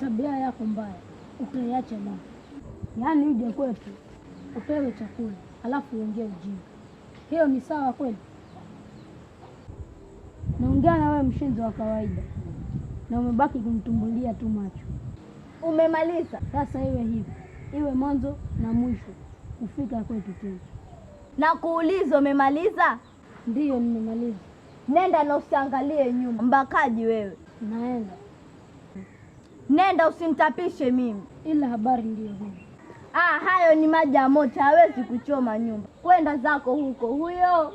tabia yako mbaya utaiacha baba. Yaani uje kwetu upewe chakula alafu uongee ujinga, hiyo ni sawa kweli? Naongea na wewe mshenzi wa kawaida, na umebaki kumtumbulia tu macho. Umemaliza sasa, iwe hivi, iwe mwanzo na mwisho kufika kwetu tena. Na kuuliza umemaliza? Ndiyo, nimemaliza. Nenda na usiangalie nyuma, mbakaji wewe. Naenda. Nenda usimtapishe mimi, ila habari ndio hiyo. Ah, hayo ni maji ya moto, hawezi kuchoma nyumba. Kwenda zako huko huyo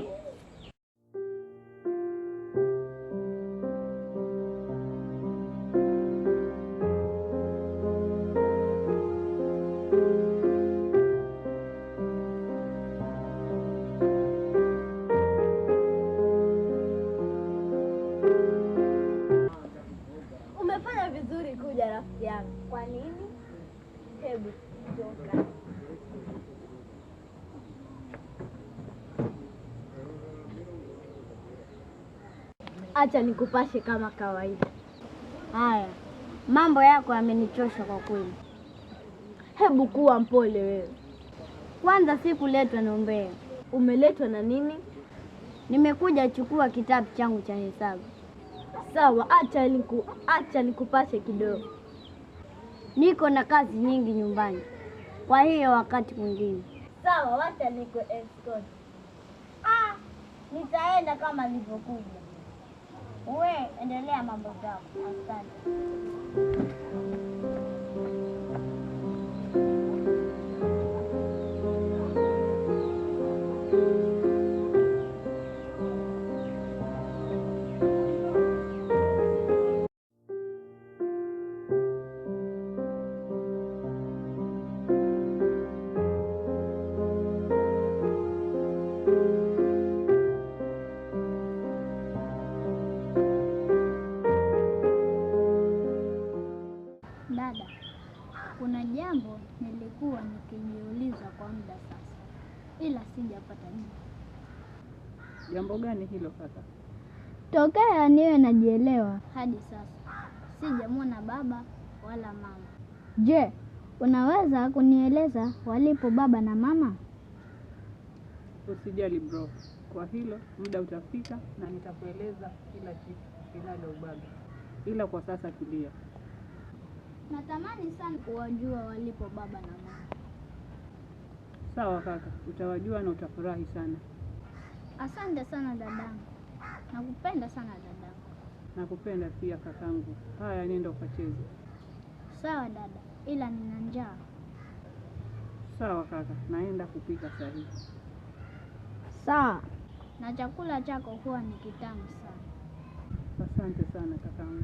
acha nikupashe kama kawaida. Haya, mambo yako yamenichosha kwa kweli. Hebu kuwa mpole wewe. Kwanza sikuletwa umbea. Umeletwa na nini? Nimekuja chukua kitabu changu cha hesabu. Sawa, acha niku acha nikupashe kidogo. Niko na kazi nyingi nyumbani, kwa hiyo wakati mwingine. Sawa, wacha niku escort. Ah, nitaenda kama nilivyokuja. Uwe endelea mambo zako. Asante. Nimekuwa nikijiuliza kwa muda sasa, ila sijapata jibu. Jambo gani hilo kaka? Tokea niwe najielewa hadi sasa sijamwona baba wala mama. Je, unaweza kunieleza walipo baba na mama? Usijali bro, kwa hilo muda utafika na nitakueleza kila kitu ubaga, ila kwa sasa tulia. Natamani sana kuwajua walipo baba na mama. Sawa kaka, utawajua na utafurahi sana. Asante sana dadangu, nakupenda sana dadangu. Nakupenda pia kakangu. Haya, nenda ukacheze. Sawa dada, ila nina njaa. Sawa kaka, naenda kupika sahihi. Sawa, na chakula chako huwa ni kitamu sana. Asante sana kakangu.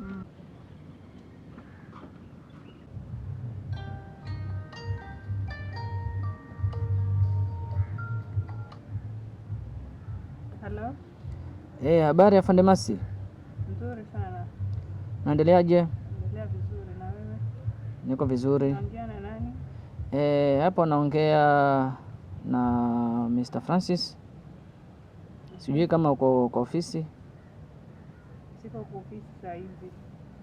Mm. Hello. Eh, habari ya Fande Masi? Nzuri sana. Naendeleaje? Naendelea vizuri na wewe? Niko vizuri. Naongea na nani? Eh, hey, hapo naongea na Mr. Francis. Sijui kama uko kwa ofisi. Siko kwa ofisi sasa hivi.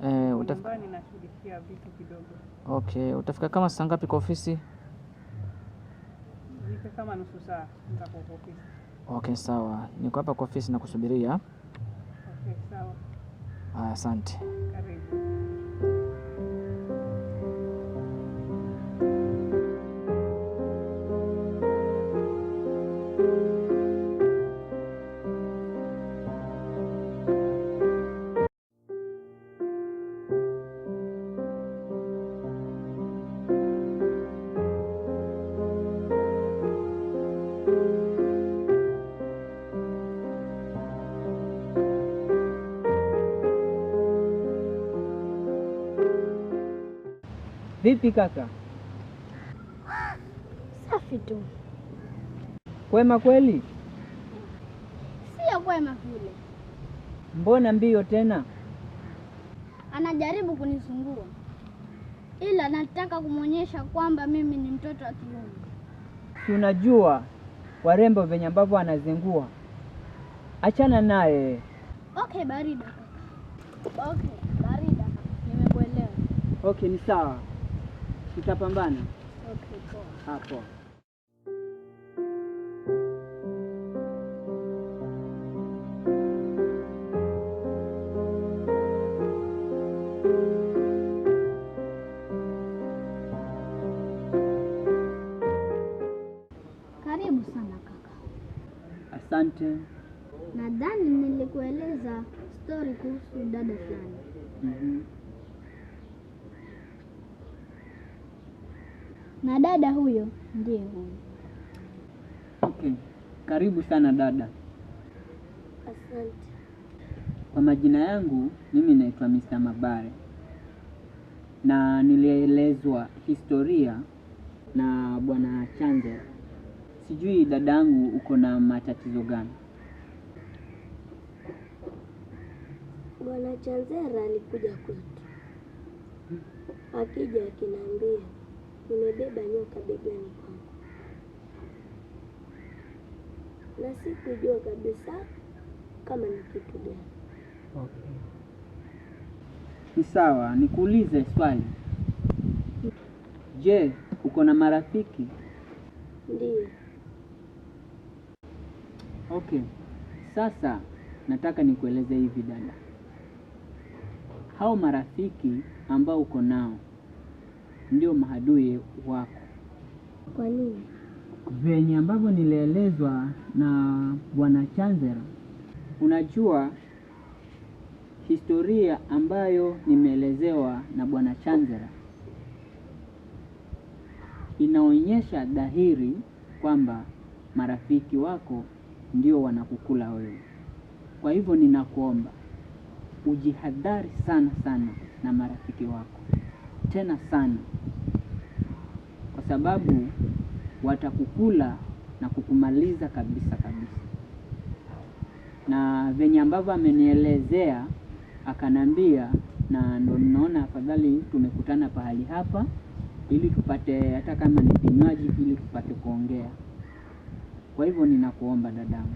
Eh, hey, utafika nashughulikia vitu kidogo. Okay, utafika kama saa ngapi kwa ofisi? Nifika kama nusu saa nitakuwa kwa ofisi. Okay, sawa. Niko hapa kwa ofisi na kusubiria. Okay, sawa. Asante. Karibu. Vipi kaka? Safi tu. Kwema kweli? Sio kwema vile. Mbona mbio tena? Anajaribu kunisumbua, ila nataka kumwonyesha kwamba mimi ni mtoto wa kiume. Tunajua warembo venye ambavyo anazingua. Achana naye. Okay, barida. Okay, barida. Nimekuelewa. Okay, ni sawa tutapambana. Okay, Hapo. Karibu sana kaka. Asante. Nadhani nilikueleza stori kuhusu dada fulani. Mm-hmm. na dada huyo ndiye huyo. Okay, karibu sana dada. Asante. Kwa majina yangu mimi naitwa Mr. Mabare na nilielezwa historia na bwana Chanze. Sijui dada uko na matatizo gani? Bwana Chanzera alikuja kwetu, akija akiniambia umebeba nyoka begani kwako, na sikujua kabisa kama ni kitu gani. Okay, ni sawa. Nikuulize swali. Je, uko na marafiki? Ndiyo. Okay, sasa nataka nikueleze hivi dada, hao marafiki ambao uko nao ndio maadui wako. Kwa nini? Venye ambavyo nilielezwa na Bwana Chanzera, unajua historia ambayo nimeelezewa na Bwana Chanzera inaonyesha dhahiri kwamba marafiki wako ndio wanakukula wewe. Kwa hivyo ninakuomba ujihadhari sana sana na marafiki wako tena sana sababu watakukula na kukumaliza kabisa kabisa. Na venye ambavyo amenielezea akanambia, na ndo ninaona afadhali tumekutana pahali hapa ili tupate hata kama ni vinywaji, ili tupate kuongea. Kwa hivyo ninakuomba dadangu,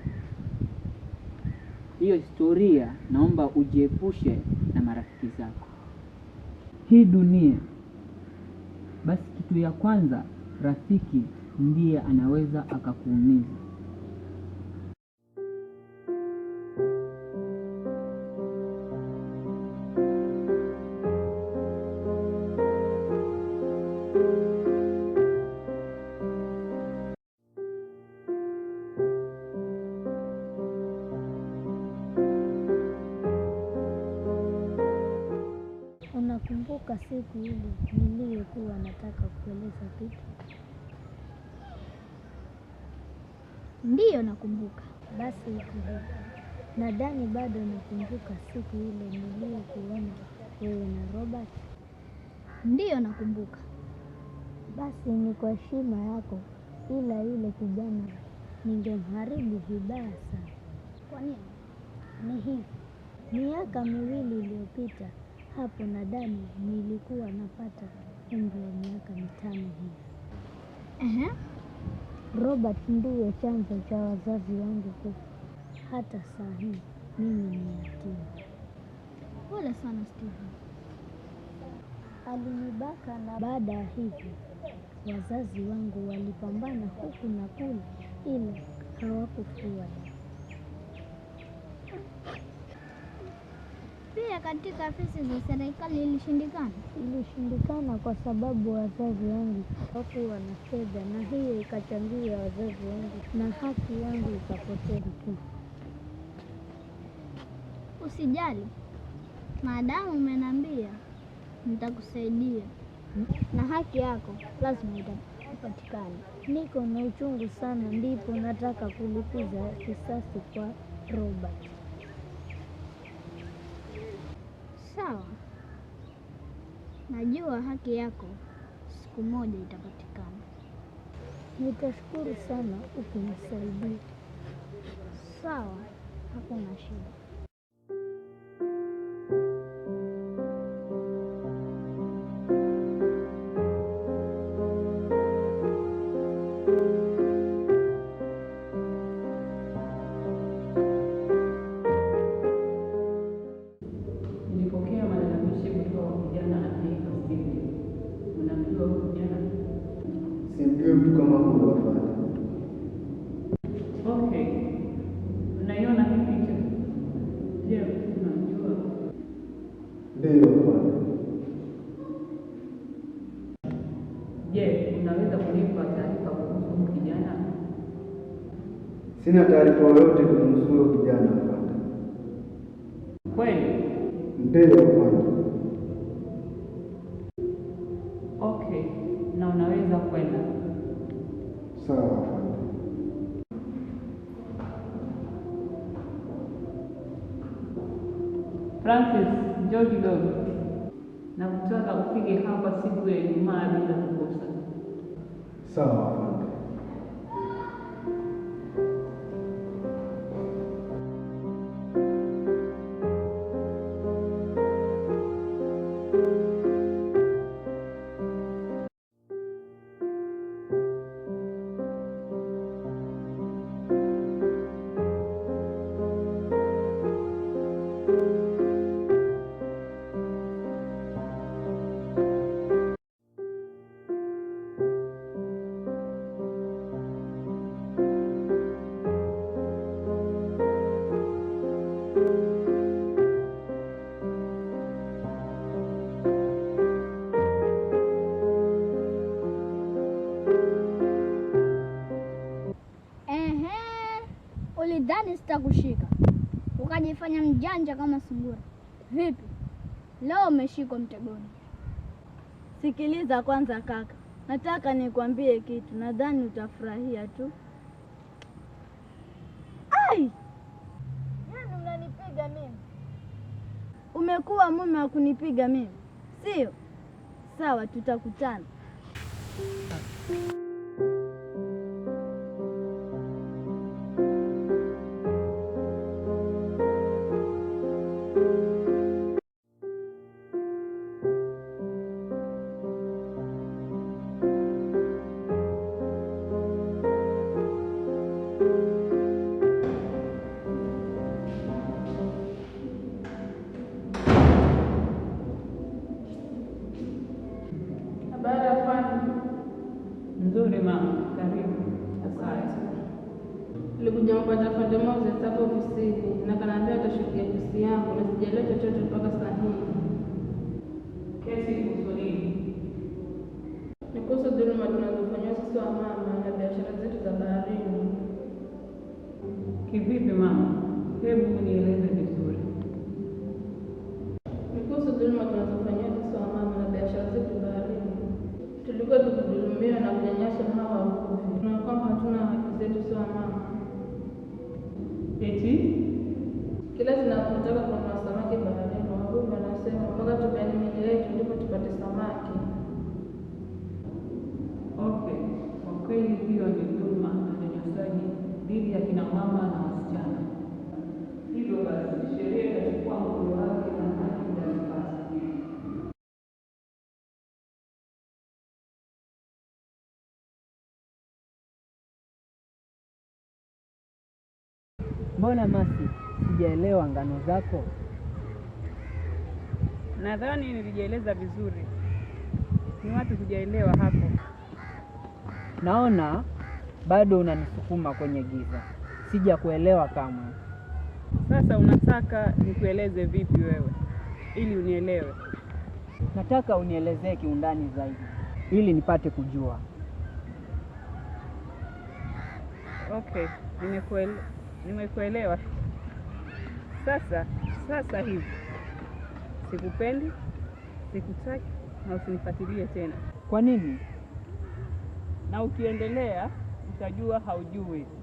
hiyo historia naomba ujiepushe na marafiki zako. Hii dunia basi kitu ya kwanza, rafiki ndiye anaweza akakuumiza. anakumbuka. nakumbuka basi ikivuka. Nadhani bado nakumbuka siku ile niliyokuona wewe na Robert. Ndiyo nakumbuka. Basi ni kwa heshima yako, ila ile kijana ningemharibu vibaya sana. Kwa nini? Ni hivi, miaka miwili iliyopita hapo, nadhani nilikuwa napata umri wa miaka mitano hivi. Robert ndiye chanzo cha wazazi wangu kufa. Hata saa hii mimi ni yatima. Pole sana Steven. Alinibaka na baada ya hivyo wazazi wangu walipambana huku na kule, ili hawakufua. Kugombea katika afisi za serikali ilishindikana, ilishindikana kwa sababu wazazi wangu hawakuwa na fedha, na hiyo ikachangia wazazi wangu na haki yangu ikapotea tu. Usijali, maadamu umeniambia, nitakusaidia na haki yako lazima itapatikana. Niko na uchungu sana, ndipo nataka kulipiza kisasi kwa Robert. Najua haki yako siku moja itapatikana. Nitashukuru sana ukinisaidia. Sawa, hakuna shida. Ndiyo Je, unaweza kunipa taarifa kuhusu kijana? Sina taarifa yoyote kuhusu huyo kijana Kweli? Ndiyo Bwana. Francis George Dogo, na kutaka ufike hapa siku ya Ijumaa bila kukosa. Sawa. sitakushika, ukajifanya mjanja kama sungura. Vipi leo umeshikwa mtegoni? Sikiliza kwanza kaka, nataka nikwambie kitu, nadhani utafurahia tu. Ai, yani unanipiga mimi? Umekuwa mume wa kunipiga mimi, sio sawa? Tutakutana. mama na biashara zetu za baharini. Kivipi mama? Hebu nieleze vizuri. Ni kuhusu dhuluma tunazofanyia sisi wa mama na biashara zetu baharini. Tulikuwa tukidhulumiwa na kunyanyaswa hawa wavuvi, na kwamba hatuna haki zetu sisi wa mama. Eti kila tunapotoka kwa masamaki baharini, wavuvi wanasema mpaka tubaini miji yetu ndipo tupate samaki. hii pia ni dhulma na unyanyasaji dhidi ya kina mama na wasichana. Hivyo basi sheria inachukua mkondo wake na haki ndani Mbona Masi, sijaelewa ngano zako? Nadhani nilijieleza vizuri, ni watu kujaelewa hapo. Naona bado unanisukuma kwenye giza, sija kuelewa kamwe. Sasa unataka nikueleze vipi wewe ili unielewe? Nataka unielezee kiundani zaidi ili nipate kujua. Okay, nimekuelewa, nimekuelewa. Sasa sasa hivi sikupendi, sikutaki na usinifuatilie tena. Kwa nini? na ukiendelea utajua haujui.